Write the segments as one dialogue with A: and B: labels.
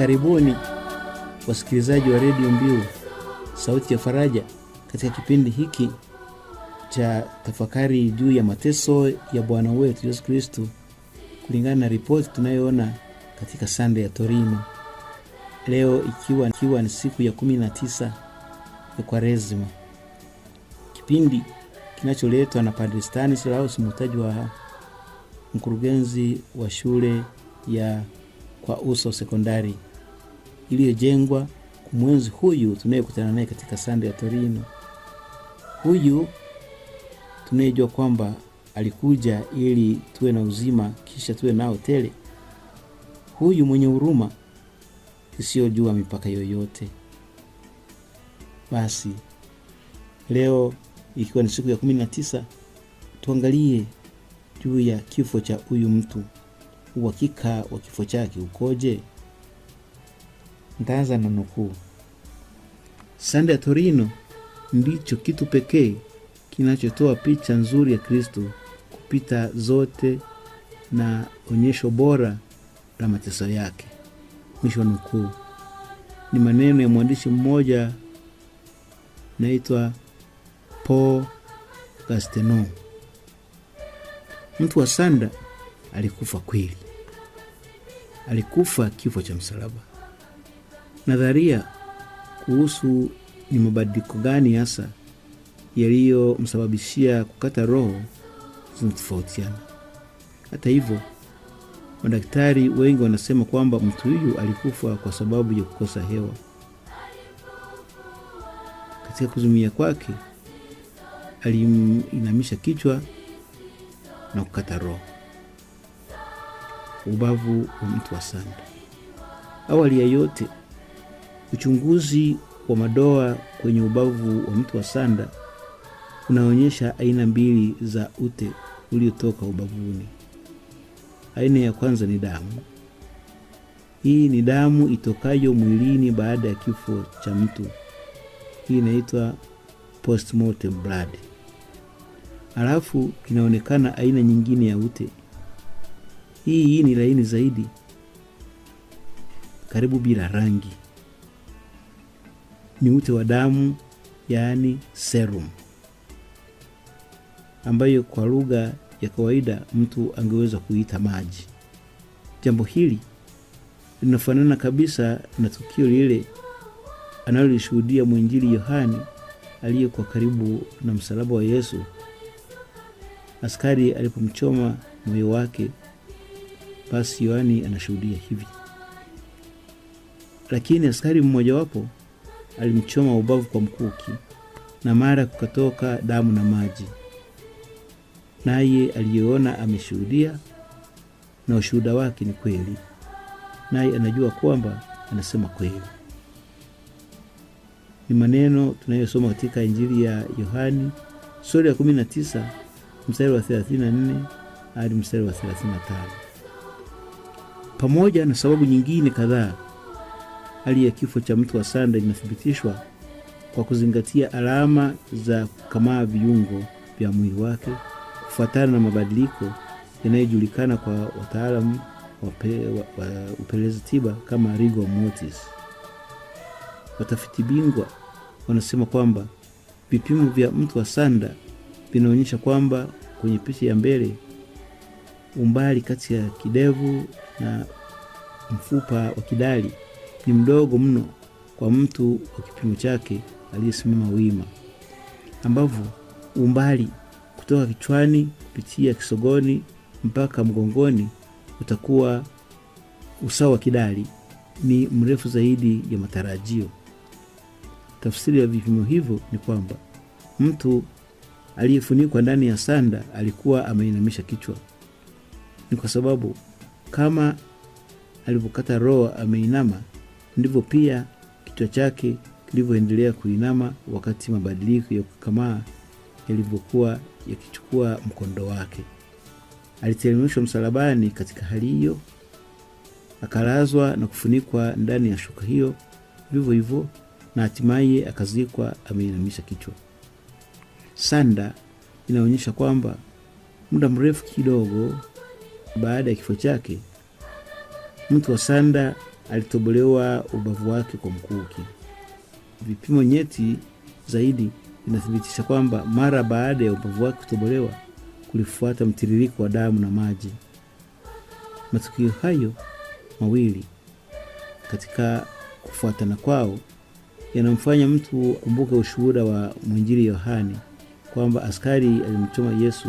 A: Karibuni wasikilizaji wa redio Mbiu sauti ya faraja, katika kipindi hiki cha tafakari juu ya mateso ya Bwana wetu Yesu Kristu kulingana na ripoti tunayoona katika sande ya Torino, leo ikiwa, ikiwa ni siku ya kumi na tisa ya kwarezima kipindi kinacholetwa na padri Stanislaus wa mkurugenzi wa shule ya Kwa Uso Sekondari iliyojengwa kumwenzi huyu tunayekutana naye katika sanda ya Torino, huyu tunayejua kwamba alikuja ili tuwe na uzima kisha tuwe nao tele, huyu mwenye huruma isiyojua mipaka yoyote. Basi leo ikiwa ni siku ya kumi na tisa, tuangalie juu ya kifo cha huyu mtu. Uhakika wa kifo chake ukoje? Ntaanza na nukuu. Sanda ya Torino ndicho kitu pekee kinachotoa picha nzuri ya Kristo kupita zote na onyesho bora la mateso yake. Mwisho nukuu. Ni maneno ya mwandishi mmoja naitwa Paul gasteno Mtu wa sanda alikufa kweli, alikufa kifo cha msalaba nadharia kuhusu ni mabadiliko gani hasa yaliyomsababishia kukata roho zinatofautiana. Hata hivyo, madaktari wengi wanasema kwamba mtu huyu alikufa kwa sababu ya kukosa hewa. Katika kuzumia kwake aliinamisha kichwa na kukata roho ubavu wa mtu wa sanda. Awali ya yote Uchunguzi wa madoa kwenye ubavu wa mtu wa Sanda unaonyesha aina mbili za ute uliotoka ubavuni. Aina ya kwanza ni damu. Hii ni damu itokayo mwilini baada ya kifo cha mtu. Hii inaitwa postmortem blood. Halafu inaonekana aina nyingine ya ute. Hii hii ni laini zaidi, karibu bila rangi ni uti wa damu, yaani serum, ambayo kwa lugha ya kawaida mtu angeweza kuita maji. Jambo hili linafanana kabisa na tukio lile analolishuhudia mwinjili Yohani aliyekuwa karibu na msalaba wa Yesu, askari alipomchoma moyo wake. Basi Yohani anashuhudia hivi, lakini askari mmojawapo alimchoma ubavu kwa mkuki, na mara kukatoka damu na maji. Naye aliyeona ameshuhudia, na ushuhuda wake ni kweli, naye anajua kwamba anasema kweli. Ni maneno tunayosoma katika Injili ya Yohani sura ya 19 mstari wa 34 hadi mstari wa 35, pamoja na sababu nyingine kadhaa hali ya kifo cha mtu wa sanda inathibitishwa kwa kuzingatia alama za kukamaa viungo vya mwili wake kufuatana na mabadiliko yanayojulikana kwa wataalamu wa, upelelezi tiba kama rigor mortis. Watafiti bingwa wanasema kwamba vipimo vya mtu wa sanda vinaonyesha kwamba kwenye picha ya mbele, umbali kati ya kidevu na mfupa wa kidali ni mdogo mno kwa mtu wa kipimo chake aliyesimama wima, ambavyo umbali kutoka kichwani kupitia kisogoni mpaka mgongoni utakuwa usawa kidali ni mrefu zaidi ya matarajio. Tafsiri ya vipimo hivyo ni kwamba mtu aliyefunikwa ndani ya sanda alikuwa ameinamisha kichwa. Ni kwa sababu kama alivyokata roho ameinama, ndivyo pia kichwa chake kilivyoendelea kuinama wakati mabadiliko ya kukamaa yalivyokuwa yakichukua mkondo wake. Aliteremshwa msalabani katika hali hiyo, akalazwa na kufunikwa ndani ya shuka hiyo vivyo hivyo, na hatimaye akazikwa ameinamisha kichwa. Sanda inaonyesha kwamba muda mrefu kidogo baada ya kifo chake, mtu wa sanda alitobolewa ubavu wake kwa mkuki. Vipimo nyeti zaidi vinathibitisha kwamba mara baada ya ubavu wake kutobolewa kulifuata mtiririko wa damu na maji. Matukio hayo mawili katika kufuatana kwao yanamfanya mtu akumbuke ushuhuda wa mwinjili Yohane kwamba askari alimchoma Yesu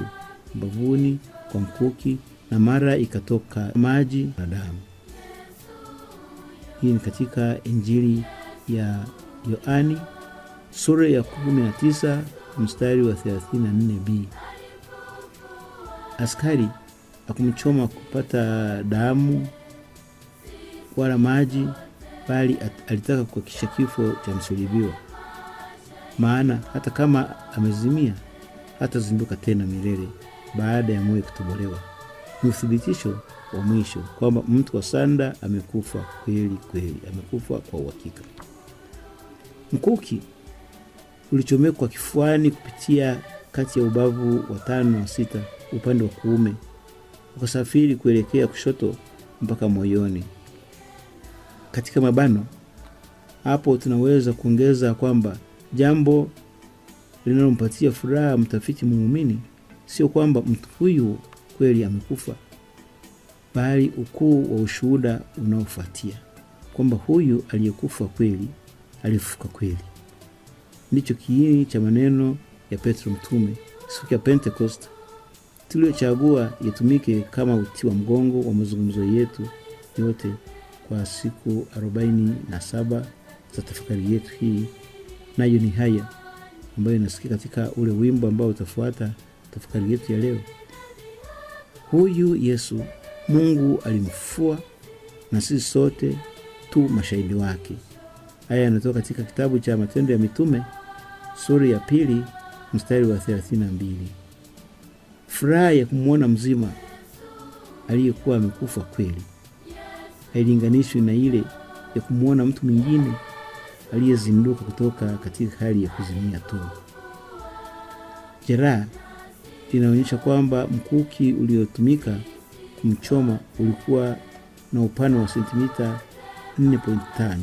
A: mbavuni kwa mkuki na mara ikatoka maji na damu. Hii ni katika Injili ya Yohani sura ya 19 mstari wa 34b. Askari akumchoma kupata damu wala maji, bali alitaka kuakisha kifo cha msulibiwa maana hata kama amezimia hatazinduka tena milele baada ya moyo kutobolewa ni uthibitisho wa mwisho kwamba mtu wa sanda amekufa kweli kweli, amekufa kwa uhakika. Mkuki ulichomekwa kifuani kupitia kati ya ubavu wa tano na sita upande wa kuume, ukasafiri kuelekea kushoto mpaka moyoni. Katika mabano hapo, tunaweza kuongeza kwamba jambo linalompatia furaha mtafiti muumini sio kwamba mtu huyu kweli amekufa, bali ukuu wa ushuhuda unaofuatia kwamba huyu aliyekufa kweli alifufuka kweli. Ndicho kiini cha maneno ya Petro mtume siku ya Pentekoste tuliyochagua yatumike kama uti wa mgongo wa mazungumzo yetu yote kwa siku 47 za tafakari yetu hii, nayo ni haya ambayo inasikia katika ule wimbo ambao utafuata tafakari yetu ya leo. Huyu Yesu Mungu alimfua na sisi sote tu mashahidi wake. Haya yanatoka katika kitabu cha Matendo ya Mitume sura ya pili mstari wa 32. Furaha ya kumwona mzima aliyekuwa amekufa kweli hailinganishwi na ile ya kumwona mtu mwingine aliyezinduka kutoka katika hali ya kuzimia tu. Jeraha linaonyesha kwamba mkuki uliotumika kumchoma ulikuwa na upana wa sentimita 4.5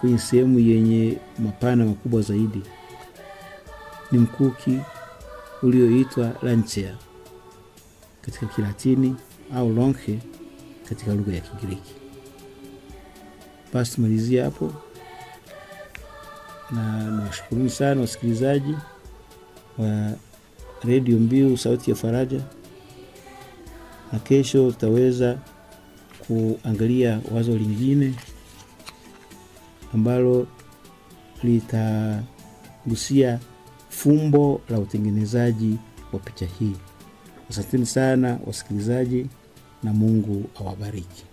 A: kwenye sehemu yenye mapana makubwa zaidi. Ni mkuki ulioitwa lancea katika Kilatini au longe katika lugha ya Kigiriki. Basi tumalizia hapo, na nawashukuruni sana wasikilizaji wa redio Mbiu sauti ya faraja, na kesho tutaweza kuangalia wazo lingine ambalo litagusia fumbo la utengenezaji wa picha hii. Asanteni sana wasikilizaji na Mungu awabariki.